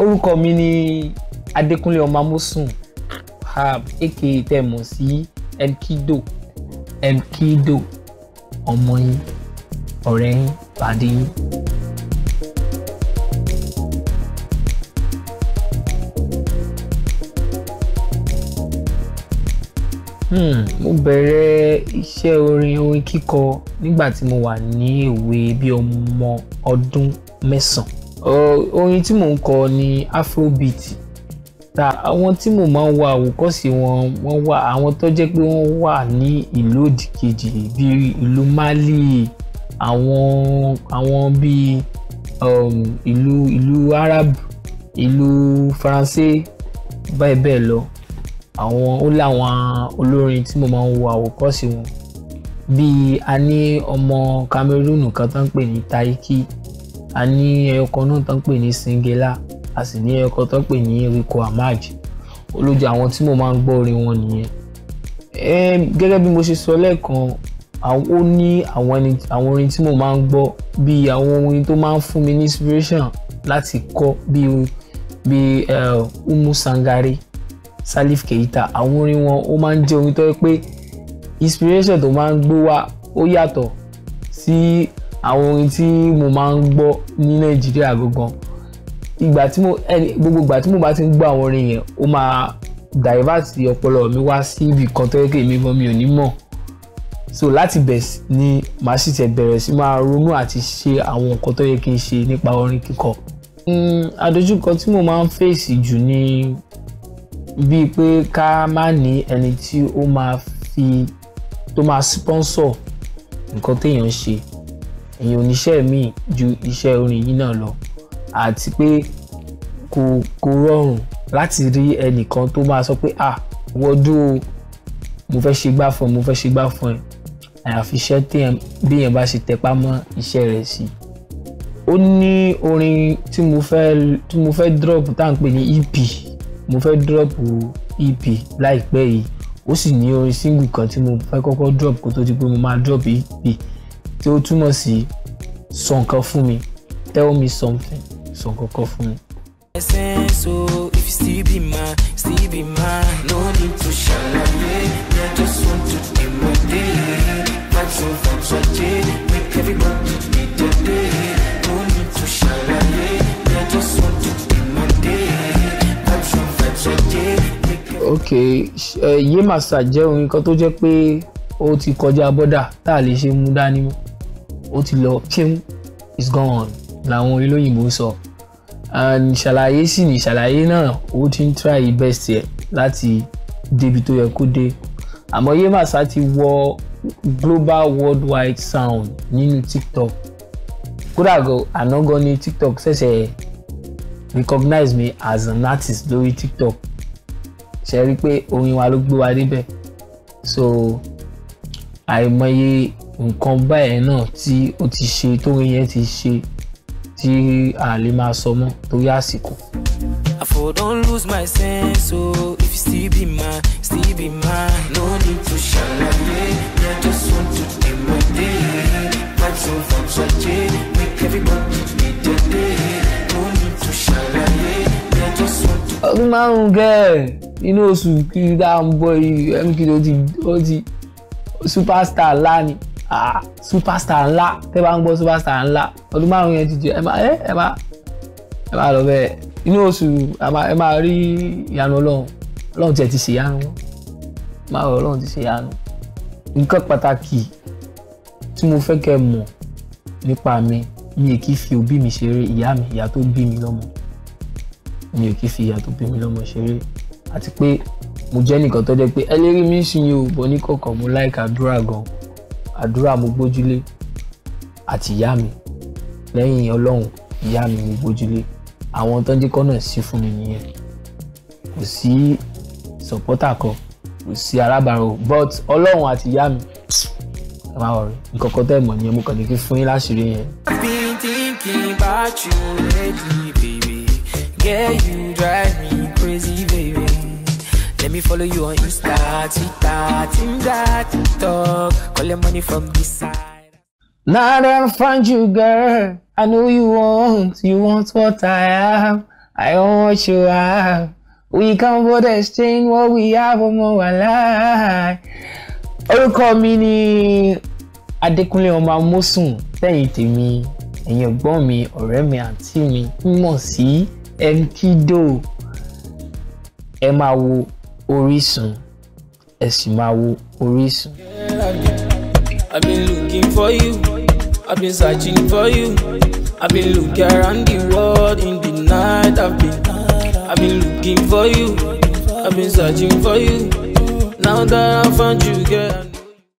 orúkọ mi ni Adékúnlé ọmọ Amósùn Wahab aka tẹmọ sí Mkido Mkido ọmọ yín ọ̀rẹ́ yín pàdé yín. Hmm, mo bẹ̀rẹ̀ iṣẹ́ orin orin kíkọ nígbà tí mo wà ní èwe bíi ọmọ ọdún mẹ́sàn-án orin tí mò ń kọ ni afrobeat ta àwọn tí mo máa ń wá àwòkọ́sí wọn wọ́n wà àwọn tó jẹ́ pé wọ́n wà ní ìlú òdìkejì bíi ìlú Mali àwọn àwọn bíi um, ìlú ìlú Arab ìlú Faransé báyìí bẹ́ẹ̀ lọ àwọn ó láwọn olórin tí mo máa ń wo àwòkọ́sí wọn bíi a ní ọmọ Cameroon kan tó ń pè ní Taiki a ní ẹyọkan náà tán pè ní Singela a sì ní ẹyọkan tán pè ní Rico Ahmad olójú àwọn tí mo máa ń gbọ́ orin wọn nìyẹn gẹ́gẹ́ bí mo ṣe sọ lẹ́ẹ̀kan ó ní àwọn orin tí mo máa ń gbọ́ bíi àwọn orin tó máa ń fún mi ní inspiration láti kọ́ bíi bíi Umu Sangare Salif Keita àwọn orin wọn ó máa ń jẹ́ orin tó yẹ pé inspiration tó máa ń gbé wá ó yàtọ̀ sí àwọn orin tí mo máa ń gbọ́ ní nàìjíríà gangan ìgbà tí mo ẹni gbogbo ìgbà tí mo bá ti ń gbọ́ àwọn orin yẹn ó máa divert ọpọlọ mi wá sí ibì kan tó yẹ kí èmi gan mi ò ní mọ̀ so láti bẹ̀ ni màá sì tẹ̀ bẹ̀rẹ̀ sí máa ronú àti ṣe àwọn nǹkan tó yẹ kí n ṣe nípa orin kíkọ. Hmm, àdójúkọ tí mo máa ń fèsì jù ni bíi pé ká má ní ẹni tí ó máa fi tó máa sponsor nǹkan téèyàn ń ṣe èèyàn oníṣẹ́ míì ju iṣẹ́ orin yìí náà lọ àti pé kò kò rọrùn láti rí ẹnìkan tó máa sọ pé ah wọ́dún o mo fẹ́ ṣe gbá fún ẹ mo fẹ́ ṣe gbá fún ẹ àyàfi iṣẹ́ béèyàn bá ṣe tẹpá mọ́ iṣẹ́ rẹ̀ sí i ó ní orin tí mo fẹ́ tí mo fẹ́ drop tá à ń pè ní EP mo fẹ́ drop EP láìpẹ́ yìí ó sì ní orin single kan tí mo fẹ́ kọ́kọ́ drop kó tó di pé mo máa drop EP tí ó túmọ̀ sí sọ nǹkan fún mi tell me something sọ nǹkan kan fún mi. So if you eh, jẹ́ orin kan tó jẹ́ pé ó ti kọjá bọ́dà tá a lè ṣe mú dání mọ́ ó ti lọ ṣé is gone làwọn olóyìnbó sọ and ṣàlàyé sì ní ṣàlàyé náà ó ti ń try best yẹ láti débi tó yẹ kó dé àmọ́ Yemasa ti wọ global worldwide sound nínú TikTok kódà gan àná gan ni TikTok ṣẹ̀ṣẹ̀ recognize me as an artist lórí TikTok ṣe rí i pé orin wa ló gbé wa débẹ̀ so àìmọye nǹkan báyẹn náà tí ó ti ṣe tóun yẹn ti ṣe tí a lè máa sọ mọ́ torí àsìkò. I don lose my sense o oh, if you still be mine still be mine no need to ṣàlàyé na just want to dey my day vibes on for make everybody dey dey no need to ṣàlàyé na just want to. ọdún márùn-ún gẹ́ẹ̀ inú oṣù kí dáa ń yìí mk ló ti ó ti superstar lánìí ah superstar ńlá tẹ́ bá ń gbọ́ superstar ńlá ọdún márùn yẹn ti jẹ ẹ máa ẹ ẹ máa ẹ máa lọ bẹ́ẹ̀ inú oṣù ẹ máa rí ìyanu ọlọ́run ọlọ́run tiẹ̀ ti ṣèyanu máa rọ ọlọ́run ti ṣèyanu nǹkan pàtàkì tí mo fẹ́ kẹ́ mọ̀ nípa mi mi ò kì fi òbí mi ṣeré ìyá mi ìyá tó bí mi lọ́mọ mi ò kì fi ìyá tó bí mi lọ́mọ ṣeré àti pé mo jẹ́ nìkan tó jẹ́ pé ẹlẹ́rìí mi ń sìn yín o bọ̀ ní kọ̀ọ̀kan mo láìka àdúrà gan-an àdúrà mo gbójúlé àti ìyá mi lẹ́yìn ọlọ́run ìyá mi mo gbójúlé àwọn tó ń jẹ́ kọ́nà sí fún mi nìyẹn kò sí sọ̀pọ́tà kan kò sí arábàárò but ọlọ́run àti ìyá mi ẹ máa wọ̀ rí nǹkan kan tẹ́ mọ̀ nìyẹn mo kàn ní kí fún yín láṣìírí yẹn. been you lately baby you drive me crazy baby. Let me follow you on Insta, Twitter, Tinder, TikTok. your money from this side. Now that I found you, girl, I know you want, you want what I have. I want you have. We can both exchange what we have ọmọ wa láàá. Orúkọ mi ni Adékúnlé ọmọ Amósùn lẹ́yìn tèmi ẹ̀yìn ẹ̀gbọ́n mi ọ̀rẹ́ mi àǹtí mi ń mọ̀ sí MKDO ẹ máa wo Orísun ẹ sì máa wo Orísun. I've been looking for you, I've been searching for you, I've been looking around the world in the night. I've been, I've been looking for you, I've been searching for you, now that I found you, girl.